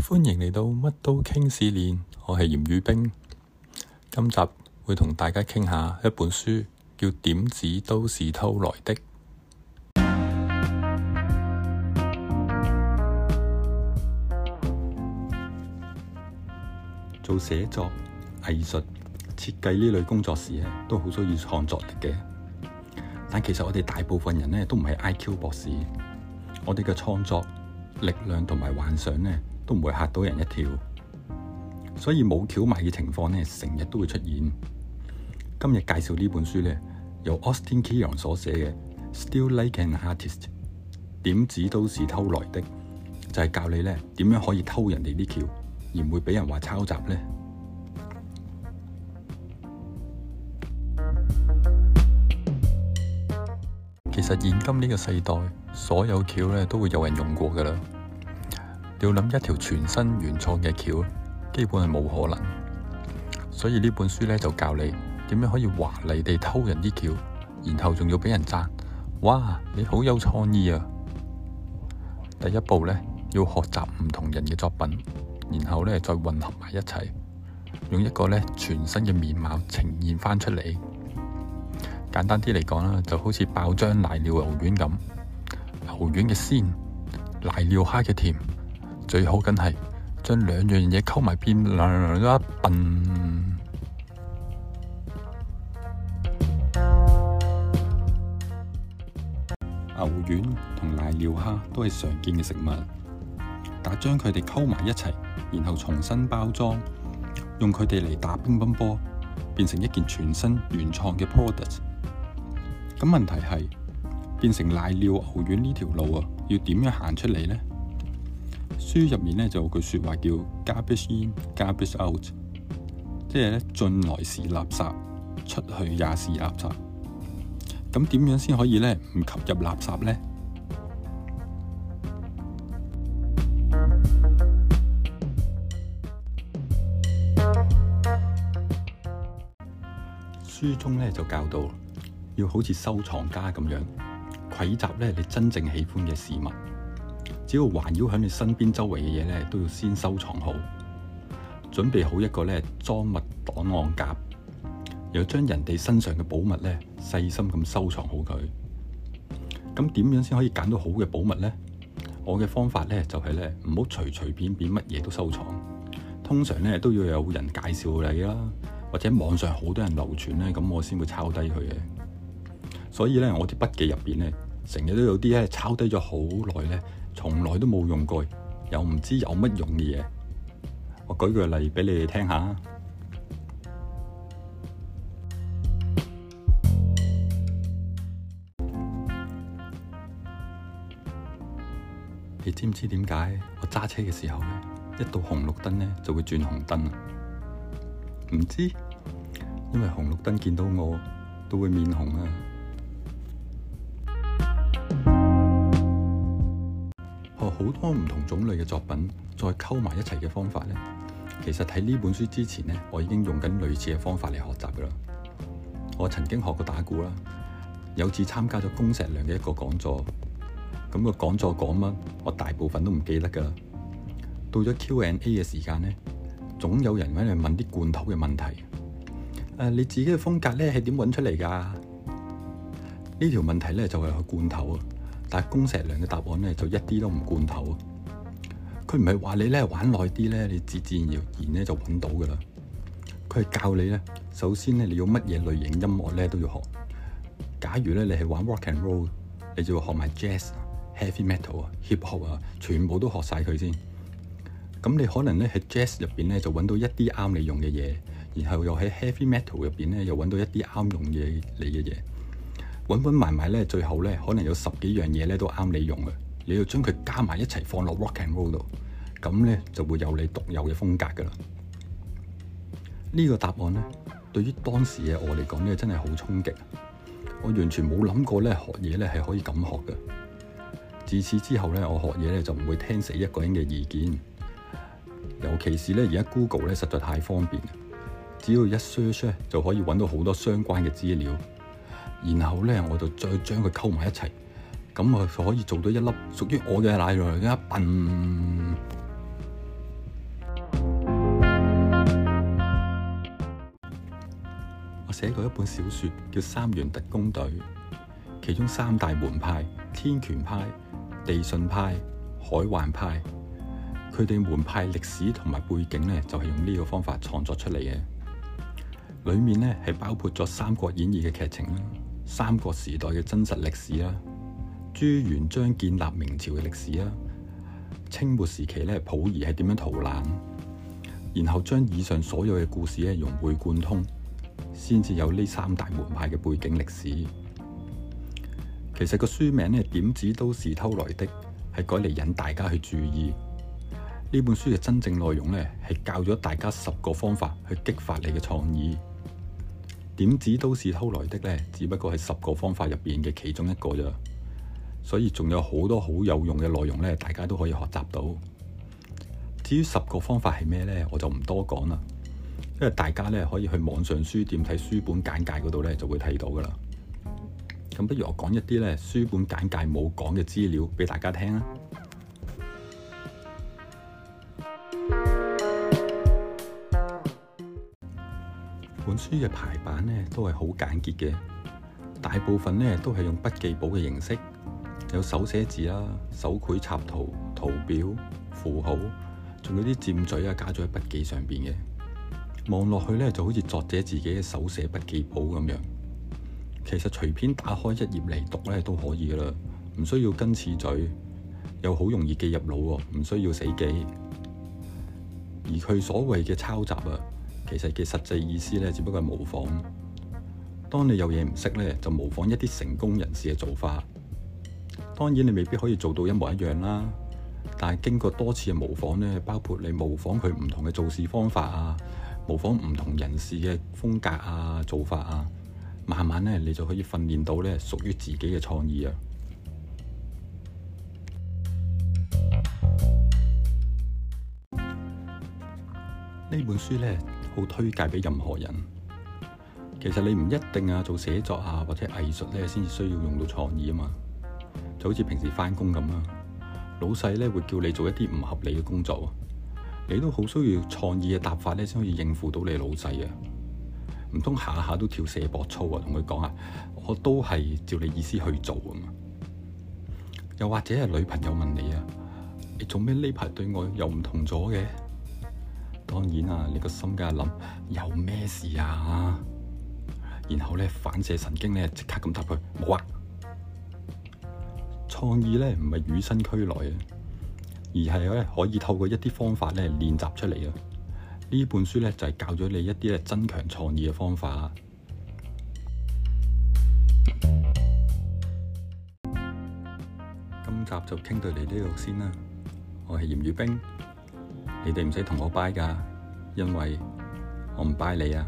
歡迎嚟到乜都傾試練，我係炎語冰。今集會同大家傾下一本書，叫《點子都是偷來的》。做寫作、藝術、設計呢類工作時，都好需要創作力嘅。但其實我哋大部分人呢都唔係 I.Q. 博士，我哋嘅創作力量同埋幻想呢，都唔會嚇到人一跳，所以冇橋埋嘅情況咧，成日都會出現。今日介紹呢本書咧，由 Austin Kleon 所寫嘅《Steal Like an Artist》，點子都是偷來的，就係、是、教你咧點樣可以偷人哋啲橋，而唔會俾人話抄襲呢。其實現今呢個世代，所有橋咧都會有人用過噶啦。要諗一條全新原創嘅橋，基本係冇可能。所以呢本書咧就教你點樣可以華麗地偷人啲橋，然後仲要俾人讚。哇！你好有創意啊！第一步咧要學習唔同人嘅作品，然後咧再混合埋一齊，用一個咧全新嘅面貌呈現翻出嚟。簡單啲嚟講啦，就好似爆漿瀨尿牛丸咁，牛丸嘅鮮，瀨尿蝦嘅甜。最好梗係將兩樣嘢溝埋邊，略略一揈。牛丸同瀨尿蝦都係常見嘅食物，但將佢哋溝埋一齊，然後重新包裝，用佢哋嚟打乒乓波，變成一件全新原創嘅 product。咁問題係，變成瀨尿牛丸呢條路啊，要點樣行出嚟呢？書入面咧就有句說話叫 garbage in, garbage out，即係咧進來是垃圾，出去也是垃圾。咁點樣先可以咧唔吸入垃圾咧？ 書中咧就教導，要好似收藏家咁樣，匯集咧你真正喜歡嘅事物。只要環繞喺你身邊周圍嘅嘢咧，都要先收藏好，準備好一個咧裝物檔案夾，然後將人哋身上嘅寶物咧細心咁收藏好佢。咁點樣先可以揀到好嘅寶物呢？我嘅方法咧就係咧唔好隨隨便便乜嘢都收藏。通常咧都要有人介紹你啦，或者網上好多人流傳咧，咁我先會抄低佢嘅。所以咧，我啲筆記入邊咧成日都有啲咧抄低咗好耐咧。從來都冇用過，又唔知有乜用嘅嘢。我舉個例俾你哋聽下。 你知唔知點解我揸車嘅時候咧，一到紅綠燈咧就會轉紅燈啊？唔知，因為紅綠燈見到我都會面紅啊。好多唔同種類嘅作品再溝埋一齊嘅方法咧，其實睇呢本書之前咧，我已經用緊類似嘅方法嚟學習噶啦。我曾經學過打鼓啦，有次參加咗恭碩良嘅一個講座，咁個講座講乜，我大部分都唔記得噶啦。到咗 Q&A 嘅時間咧，總有人搵嚟問啲罐頭嘅問題。誒，你自己嘅風格咧係點搵出嚟噶？呢條問題咧就係個罐頭啊！但係公石良嘅答案咧，就一啲都唔罐頭啊。佢唔係話你咧玩耐啲咧，你自自然然咧就揾到噶啦。佢係教你咧，首先咧你要乜嘢類型音樂咧都要學。假如咧你係玩 rock and roll，你就要學埋 jazz、heavy metal 啊、hip hop 啊，全部都學晒佢先。咁你可能咧喺 jazz 入邊咧就揾到一啲啱你用嘅嘢，然後又喺 heavy metal 入邊咧又揾到一啲啱用嘅你嘅嘢。搵搵埋埋咧，最後咧可能有十幾樣嘢咧都啱你用嘅，你要將佢加埋一齊放落 rock and roll 度，咁咧就會有你獨有嘅風格噶啦。呢個答案咧，對於當時嘅我嚟講咧，真係好衝擊。我完全冇諗過咧學嘢咧係可以咁學嘅。自此之後咧，我學嘢咧就唔會聽死一個人嘅意見。尤其是咧而家 Google 咧實在太方便，只要一 search 就可以搵到好多相關嘅資料。然後呢，我就再將佢溝埋一齊，咁我就可以做到一粒屬於我嘅奶酪嘅一品。 我寫過一本小説叫《三元特工隊》，其中三大門派天權派、地信派、海環派，佢哋門派歷史同埋背景呢，就係、是、用呢個方法創作出嚟嘅。裡面呢，係包括咗《三國演義》嘅劇情。三國時代嘅真實歷史啦，朱元璋建立明朝嘅歷史啦，清末時期咧溥儀係點樣逃難，然後將以上所有嘅故事咧融會貫通，先至有呢三大門派嘅背景歷史。其實個書名咧點子都是偷來的，係改嚟，引大家去注意呢本書嘅真正內容咧，係教咗大家十個方法去激發你嘅創意。點子都是偷來的呢，只不過係十個方法入邊嘅其中一個啫。所以仲有好多好有用嘅內容呢，大家都可以學習到。至於十個方法係咩呢？我就唔多講啦，因為大家呢可以去網上書店睇書本簡介嗰度呢，就會睇到噶啦。咁不如我講一啲呢，書本簡介冇講嘅資料俾大家聽啊！本書嘅排版咧都係好簡潔嘅，大部分咧都係用筆記簿嘅形式，有手寫字啦、手繪插圖、圖表、符號，仲有啲占嘴啊，加咗喺筆記上邊嘅，望落去呢，就好似作者自己嘅手寫筆記簿咁樣。其實隨便打開一頁嚟讀咧都可以㗎啦，唔需要跟次序，又好容易記入腦，唔需要死記。而佢所謂嘅抄襲啊～其實嘅實際意思咧，只不過係模仿。當你有嘢唔識咧，就模仿一啲成功人士嘅做法。當然你未必可以做到一模一樣啦，但係經過多次嘅模仿咧，包括你模仿佢唔同嘅做事方法啊，模仿唔同人士嘅風格啊、做法啊，慢慢咧你就可以訓練到咧屬於自己嘅創意啊。呢本書咧。好推介畀任何人。其實你唔一定啊，做寫作啊或者藝術咧，先至需要用到創意啊嘛。就好似平時翻工咁啊，老細咧會叫你做一啲唔合理嘅工作，你都好需要創意嘅答法咧，先可以應付到你老細啊。唔通下下都跳射博操啊，同佢講啊，我都係照你意思去做啊嘛。又或者係女朋友問你啊，你做咩呢排對我又唔同咗嘅？當然啊，你個心梗係諗有咩事啊？然後咧，反射神經咧即刻咁答佢冇啊！創意咧唔係與生俱來嘅，而係咧可以透過一啲方法咧練習出嚟嘅。呢本書咧就係、是、教咗你一啲咧增強創意嘅方法。 今集就傾到嚟呢度先啦，我係炎語冰。你哋唔使同我拜㗎，因為我唔拜你啊。